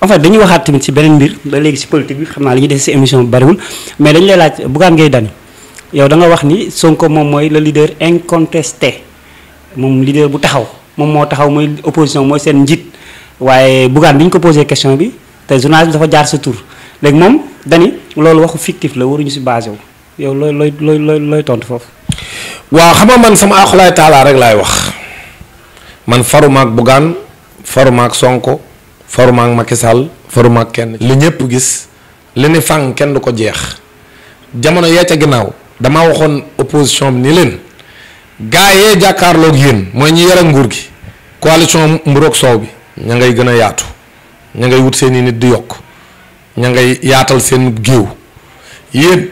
en fait dañuy waxaat tamit ci beneen mbir ba léegi si politique bi xam naa li ñuy def si émission bi bariwul mais dañu lay laaj Bougane Gueye Dany yow da nga wax ni Sonko moom mooy le leader incontesté moom leader bu taxaw moom moo taxaw mooy opposition mooy seen njiit waaye Bougane bi ñu ko posé question bi te journaliste dafa jaar sa tur léegi moom dani loolu waxu fictif la waruñu si basé wu yow looy looy looy looy tontu foofu. waa xam nga man sama axulaay taalaa rek laay wax man faruma ak Bougane faruma faruma ak Macky Sall faruma kenn li ñëpp gis li ni fang kenn du ko jeex jamono yee ca ginnaaw damaa waxoon opposition bi ni leen gaa yee jàkkaarloog yéen mooy ñi yore nguur gi coalition mburoog soow bi ña ngay gën a yaatu ña ngay wut seen i nit di yokk ña ngay yaatal seen géew yéen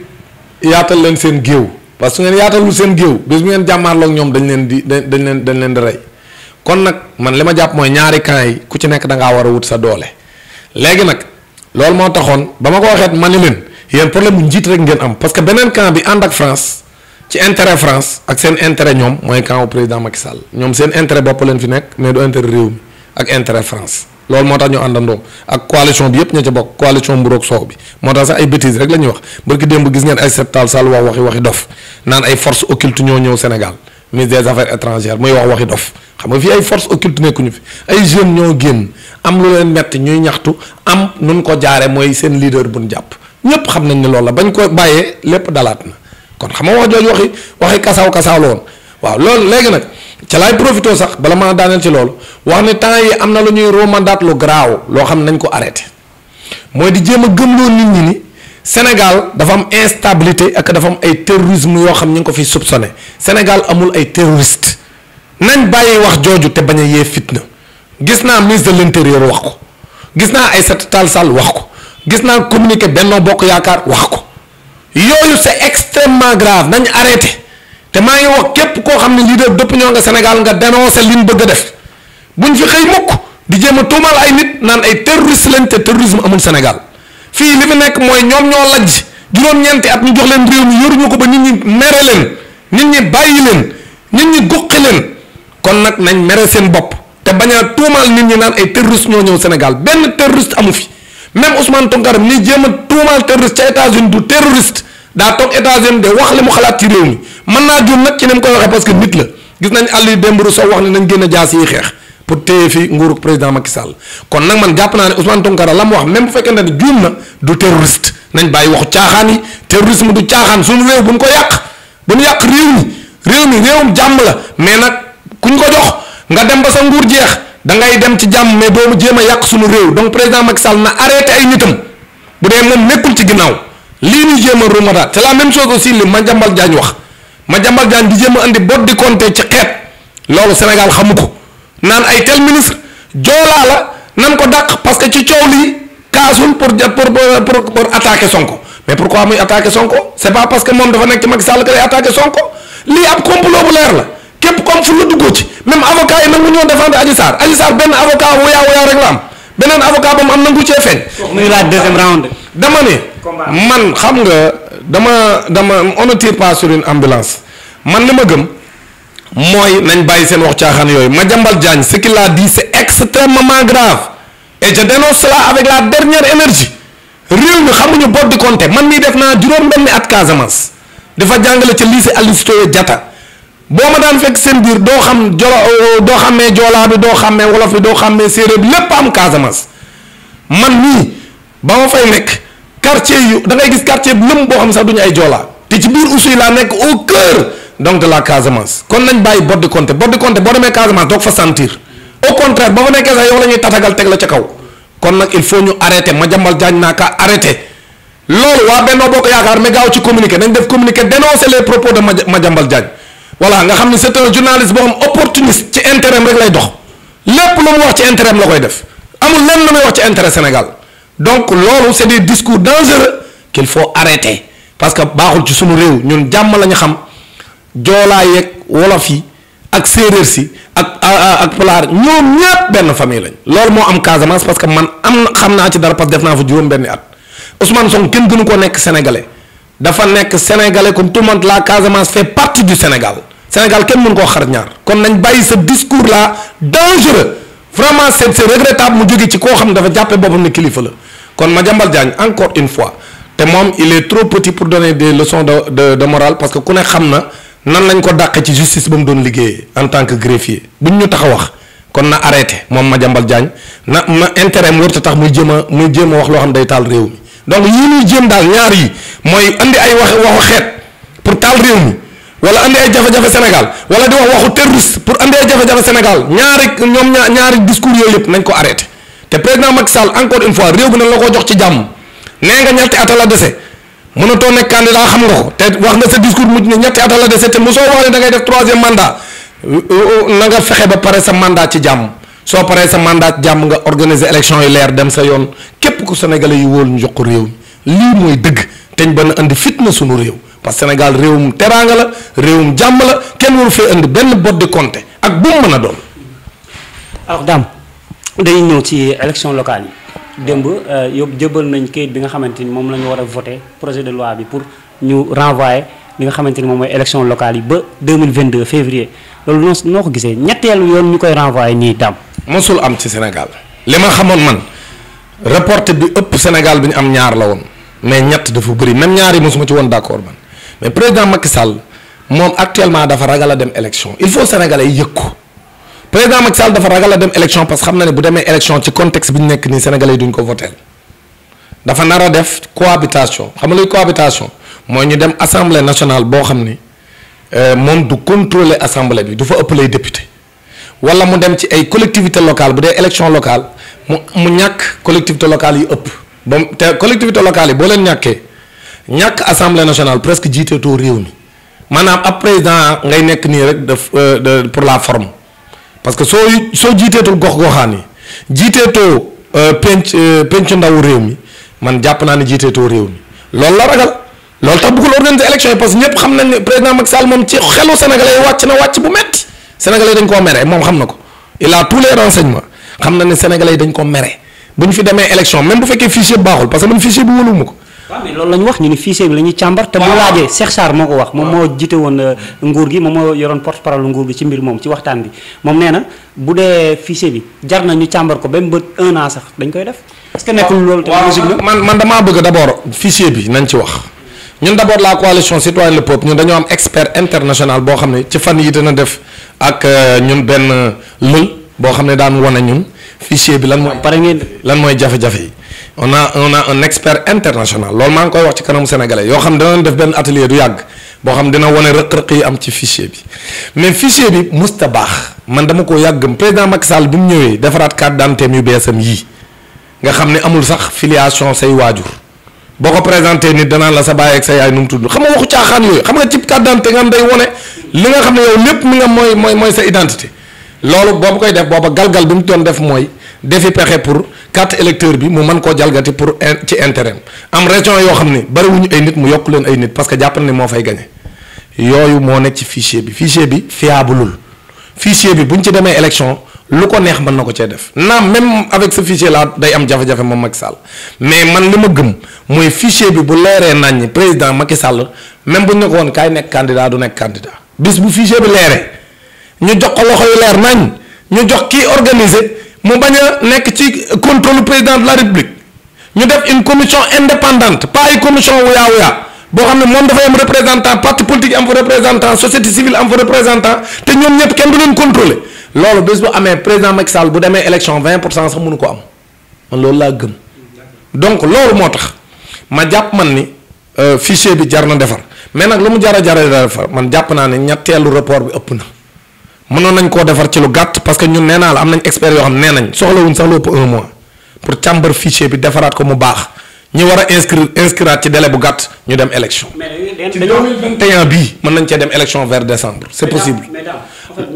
yaatal leen seen géew parce que ngeen yaatalul seen géew bis bu ngeen jàmmaarloog ñoom dañ leen di dañ leen dañ leen di rey kon nag man li ma jàpp mooy ñaari camp yi ku ci nekk da ngaa war a wut sa doole léegi nag loolu moo taxoon ba ma ko waxeet ma ni leen yéen problème bu njiit rek ngeen am parce que beneen camp bi ànd ak France ci intérêt France ak seen intérêt ñoom mooy camp wu président Macky Sall ñoom seen intérêt bopp leen fi nekk mais du intérêt réew mi ak intérêt France lool moo tax ñu àndandoo ak coalition bi yëpp ña ca bokk coalition mburoog soow bi moo tax sax ay bêtises rek la ñuy wax barki démb gis ngeen ay septal sall wax waxi waxi dof naan ay force occulte ñoo ñëw Sénégal ministre des affaires étrangères muy wax waxi dof xam nga fii ay forces occultes nekkuñu fi ay jeunes ñoo génn am lu leen metti ñuy ñaxtu am nun ko jaare mooy seen leader buñ jàpp ñépp xam nañ ne loolu la bañ ko bàyyee lépp dalaat na kon xam nga wax jooju waxi waxi kasaaw kasaaw la woon waaw loolu léegi nag ca laay profité sax bala maa daaneel ci loolu wax ne temps yi am na lu ñuy romandaat lu garaaw loo xam nañ ko arrêté mooy di jéem a gëmloo nit ñi ni Sénégal dafa am instabilité ak dafa am ay terrorisme yoo xam ñu ngi ko fi soupçonné Sénégal amul ay terroriste nañ bàyyi wax jooju te bañ a yee fitna gis naa ministre de l'intérieur wax ko gis naa ay Aïssata Tall Sall wax ko gis naa communiqué Benno Bokk Yaakaar wax ko yooyu c'est extrêmement grave nañ arrêté te maa ngi wax képp koo xam ne leader d'opinion nga Sénégal nga dénoncé li ñu bëgg a def buñ fi xëy mukk di jéem a tuumal ay nit naan ay terroriste lañ te terrorisme amul Sénégal fii li fi nekk mooy ñoom ñoo lajj juróom-ñeenti at ñu jox leen réew mi yoruñu ko ba nit ñi mere leen nit ñi bàyyi leen nit ñi guqi leen kon nag nañ mere seen bopp te bañ a tuumaal nit ñi naan ay terroriste ñoo ñëw Sénégal benn terroriste amu fi même Ousmane Tounkara ni jéem a tuumaal terroriste ca États-Unis du terroriste daa toog États-Unis de wax li mu xalaat ci réew mi mën naa juum nag ci ni mu koy waxee parce que nit la gis nañ àll yi démb Rousseau wax ne nañ génn jaas yi xeex. pour téye fi nguurug président Macky Sall kon nag man jàpp naa ne Ousmane Tounkara la mu wax même bu fekkente ne juum na du terroriste nañ bàyyi waxu caaxaan yi terrorisme du caaxaan suñu réew bu ñu ko yàq bu ñu yàq réew mi réew mi réewum jàmm la mais nag ku ñu ko jox nga dem ba sa nguur jeex da ngay dem ci jàmm mais doomu jéem a yàq suñu réew donc président Macky Sall na arrêté ay nitam bu dee moom nekkul ci ginnaaw lii ñuy jéem a rumata c'est la même chose aussi li Madiambal Diagne wax Madiambal Diagne di jéem a andi bot di compter xeet loolu Sénégal xamu ko. naan ay tel ministre joolaa la nan ko dàq parce que ci coow lii kaasul pour pour pour attaquer Sonko mais pourquoi muy attaquer Sonko c'est pas parce que moom dafa nekk ci Macky Sall que lay attaquer Sonko lii ab complot leer la képp comme fu la duggoo ci même avocat yi nangu ñoo défendre Adji Sarr benn avocat woyaa woyaa rek la am beneen avocat ba mu am nangu cee feeñ. dama ne man xam nga dama dama on ne tire pas sur une ambulance man li ma gëm. mooy nañ bàyyi seen wax caaxaan yooyu Madiambal Diagne ce qu'il a dit c'est extrêmement grave et je dénonce cela avec la dernière énergie réew mi xamuñu bopp di compter man mii def naa juróom ni at Casamance dafa jàngale ca lycée Aline Sitoé Diatta boo ma daan fekk seen biir doo xam jolo euh, doo xammee joolaa bi doo xammee wolof bi doo xammee séeréer bi lépp am Casamance man mii ba ma fay nekk quartier yu da gis quartier bi lëm boo xam sax duñu ay joolaa te ci biir Oussouye laa nekk donc de la Casamance kon nañ bàyyi bord de Comté bord de Comté boo demee Casamance doog fa sentir au contraire boo fa nekkee sax yow la ñuy tatagal teg la ca kaw kon nag il faut ñu arrêté Madiambal Diagne naa kaa arrêté loolu waa Benno Bokk Yaakaar mais gaaw ci communiqué dañ def communiqué dénoncer les propos de Madiambal Diagne voilà nga xam ne c'est un journaliste boo xam opportuniste ci intérêt rek lay dox lépp lu mu wax ci intérêt la koy def amul lenn lu muy wax ci intérêt Sénégal donc loolu c'est des discours dangereux qu'il faut arrêter parce que baaxul ci sunu réew ñun jàmm la ñu xam. joolaa yeeg wolof yi ak séeréer si ak ak pulaar ñoom ñépp benn famille lañ. loolu moo am Casamance parce que man am na xam naa ci dara parce que def naa fa juróom-benni at Ousmane Sonko kenn gënu ko nekk sénégalais dafa nekk sénégalais comme tout le monde la Casamance fait partie du Sénégal Sénégal kenn mën koo xar ñaar kon nañ bàyyi ce discours la dangereux vraiment c'est c'est regrettable mu jóge ci koo xam ne dafa jàppe boppam ne kilifa la kon Madiambal Diagne encore une fois te moom il est trop petit de de de parce que ku ne xam na. nan lañ ko dàqee ci justice ba mu doon liggéeyee en tant que greffier bu ñu taxa wax kon na arrêté moom ma Madiambal Diagne na ma intérêt mu warut tax muy jéem a muy jéem a wax loo xam day taal réew mi donc yii ñuy jéem daal ñaar yi mooy andi ay wax waxu xeet pour taal réew mi wala andi ay jafe-jafe Sénégal wala di wax waxu terroriste pour andi ay jafe-jafe Sénégal ñaari ñoom ñaar ñaari discours yooyu yëpp nañ ko arrêté te président Macky Sall encore une fois réew bi nañ la ko jox ci jàmm nee nga ñetti at la dese. mënatoo nekk candidat xam nga ko te wax nga sa discours mujj ne ñetti at la dese te mu soo wax ne da ngay def troisième mandat euh, euh, euh, na nga fexe ba pare sa mandat ci jàmm soo paree sa mandat jàmm nga organiser élection yi leer dem sa yoon képp ku sénégalais yi wóolu ñu jox ko réew lii mooy dëgg teñ ba na andi fitna sunu réew parce que réew mu teraanga la réewum jàmm la kenn waru fee andi benn bot di compter ak bu mu mën a doon. alors dañuy ñëw ci élection locale yi. démb euh, yóbbu jëbal nañ kayit bi nga xamante ni moom la ñu war a voté projet de loi bi pour ñu renvoyer li nga xamante ni moom mooy élection locale yi ba deux mille 2022 février loolu noo noo ko gisee ñetteelu yoon ñu koy renvoyer nii tam. mosul am ci Sénégal li ma xamoon man reporté bi ëpp Sénégal bi ñu am ñaar la woon mais ñett dafa bëri même ñaari yi mosuma ci woon d'accord man mais président Macky Sall moom actuellement dafa ragal a dem élection il faut sénégalais yëg ko président Macky Sall dafa ragal a dem élection parce que xam na ne bu demee élection ci contexte bi ñu nekk nii Sénégalais yi duñ ko voté dafa nar a def cohabitation xam nga luy cohabitation mooy ñu dem assemblée nationale boo xam ni euh, moom du contrôler assemblée bi du fa ëpp lay député wala mu dem ci ay collectivité locale bu dee élection locale mu mu ñàkk collectivité locale yi ëpp ba te collectivité locale yi boo leen ñàkkee ñàkk assemblée nationale presque jiiteetoo réew mi maanaam ab président ngay nekk nii rek def euh, pour la forme. parce que soo soo jiiteetul gox-goxaan yi jiiteetoo euh, penc euh, pencu ndawu réew mi man jàpp naa ne jiiteetoo réew mi loolu la ragal loolu tax bëggul organiser élection yi parce que ñëpp xam nañ ne président Macky Sall moom ci xelu sénégalais yi wàcc na wàcc bu metti sénégalais dañ koo mere moom xam na ko il a tous les renseignements xam na ne sénégalais yi dañ ko mere bu ñu fi demee élection même bu fekkee fichier baaxul parce que man fichier bi wóoluwuma ko. waaw loolu la ñu wax ñu ni fichier bi la ñuy càmbar te bu laajee Cheikh Sarr moo ko wax moom moo jiite woon euh, nguur gi moom moo yoroon porte parole nguur gi ci mbir moom ci waxtaan bi moom nee na bu dee fichier bi jar na ñu càmbar ko même ba un an sax dañ koy def est-ce que nekkul loolu tamit man man damaa bëgg d'abord fichier bi nañ ci wax ñun d'abord la coalition citoyenne le peuple ñun dañoo am expert international boo xam ne ci fan yi dina def ak euh, ñun benn lël boo xam ne daan wane ñun fichier bi lan mooy. pare ngeen lan mooy jafe yi. on a on a un expert international loolu maa ngi koy wax ci kanamu sénégalais yoo xam danañ def benn atelier du yàgg boo xam dina wane rëq-rëq yi am ci fichier bi mais fichier bi musta baax man dama ko yàggam président Macky Sall bi mu ñëwee defaraat carte d'identité yu beesam yii nga xam ne amul sax filiation say waajur boo ko présenté nit danaa la sa baay ak sa yaay nu mu tudd xam nga waxu caaxaan yooyu xam nga ci carte d'identité nga am day wane li nga xam ne yow lépp mi nga mooy mooy mooy sa identité loolu boobu koy def booba galgal bi mu doon def mooy defi pexe pour. carte électeur bi mu man koo jalgati pour ci intérêt am région yoo xam ne bariwuñu ay nit mu yokk leen ay nit parce que jàpp na ne moo fay gañe yooyu moo nekk ci fichier bi fichier bi fiabulul fichier bi bu ñu ci demee élection lu ko neex man na ko cee def naam même avec ce fichier là day am jafe-jafe ma Macky Sall mais man li ma gëm mooy fichier bi bu leeree naññi président Macky Sall même bu ñu ne ko woon kaay nekk candidat du nekk candidat bis bu fichier bi leeree ñu jox ko loxo yu ñu jox kii organiser. mu bañ a nekk ci contrôle président de la république ñu def une commission indépendante pas ay commission wuyaa wuyaa boo xam ne moom dafay am représentant parti politique am fa représentant société civile am fa représentant te ñoom ñëpp kenn du leen contrôler loolu bés bu amee président Macky Sall bu demee élection 20 pour cent sax mënu ko am man loolu laa gëm donc loolu moo tax ma jàpp man ni euh, fichier bi jar na defar mais nag lu mu jar a jar a defar man jàpp naa ne ñetteelu rapport bi ëpp na. mënoon nañ koo defar ci lu gàtt parce que ñun nee naa la am nañ expert yoo xam nee nañ soxlawuñ sax lu ëpp un pour càmbar fichier bi defaraat ko mu baax ñi war a inscrire inscriraat ci délai bu gàtt ñu dem élection. ci 2021 bii mën nañ cee dem élection ver décembre. c'est possible mais daal en fait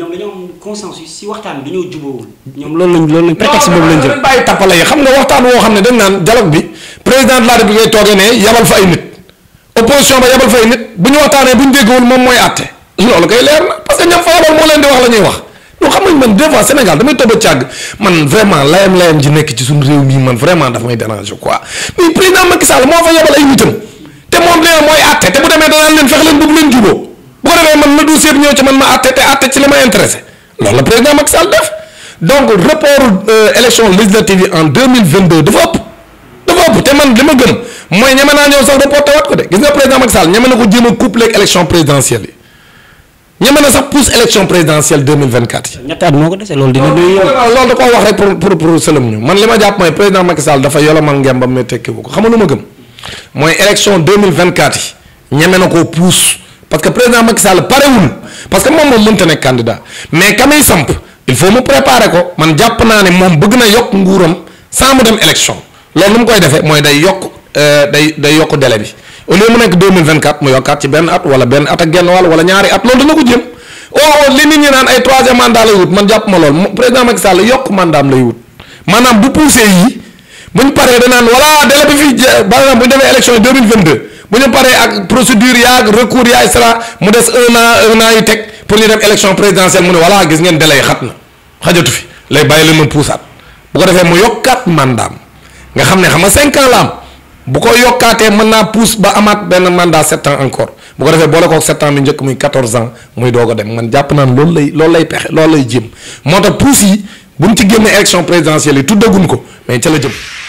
bi dañoo jubóowul. ñoom loolu lañ loolu lañ prétexte boobu lañ jël. xam nga waxtaan woo xam ne dañ naan dialogue bi président de la ne yabal fa ay nit opposition ba yabal fa ay nit bu ñu waxtaanee bu ñu déggul moom mooy àtte loolu kay leer na parce ñam fa yabal moo leen di wax la wax ñun xam nañ man des Sénégal damay toog a càgg man vraiment layam layam ji nekk ci suñu réew mi man vraiment dafa may déranger ko def donc report euh, élection législative yi en deux mille vingt deux dafa ëpp dafa ëpp te man li ma gëm mooy ñeme naa ñëw sax reporté waat ko de gis nga président Macky Sall ñeme na ko jéem a couplé ak élection yi. ñeme na sax pousse élection présidentielle 2024 yi. ñetti at moo ko dese loolu dina. loolu da koo wax rek pour pour pour sëlëm ñu man li ma jàpp mooy président Macky dafa yolomal ngembam mais tekkiwu ko xam nga ma gëm mooy élection 2024 yi ñeme na koo pousse parce que président Macky Sall parewul parce que moom moom mënta nekk candidat mais ka muy samp il faut mu préparer ko man jàpp naa ne moom bëgg na yokk nguuram sans mu dem élection loolu nu mu koy defee mooy day yokk euh, day day yokk délai bi. au lieu mu nekk 2024 mu yokkaat ci benn at wala benn at ak genn wàll wala ñaari at loolu dana ko jëm oo oh, oh, li nit ñi naan ay troisième mandat lay wut man jàpp ma lool président Macky Sall yokk par exemple ak procédure yaag recours yaa et cetera mu des un an un teg pour ñu dem élection présidentielle mu ne voilà gis ngeen délai xat na fi lay bàyyi leen ma puusaat bu ko defee mu yokkaat mandaam nga xam ne xam nga 5 ans am bu ko yokkaatee mën naa pousse ba amaat benn mandat sept ans encore bu ko defee boole kook sept ans mi njëkk muy quatorze an muy doog a dem man jàpp naan loolu lay loolu lay pexe loolu lay jëm moo tax pousse yi mu ci génne élection présidentielle yi tuddaguñ ko mais ca la jëm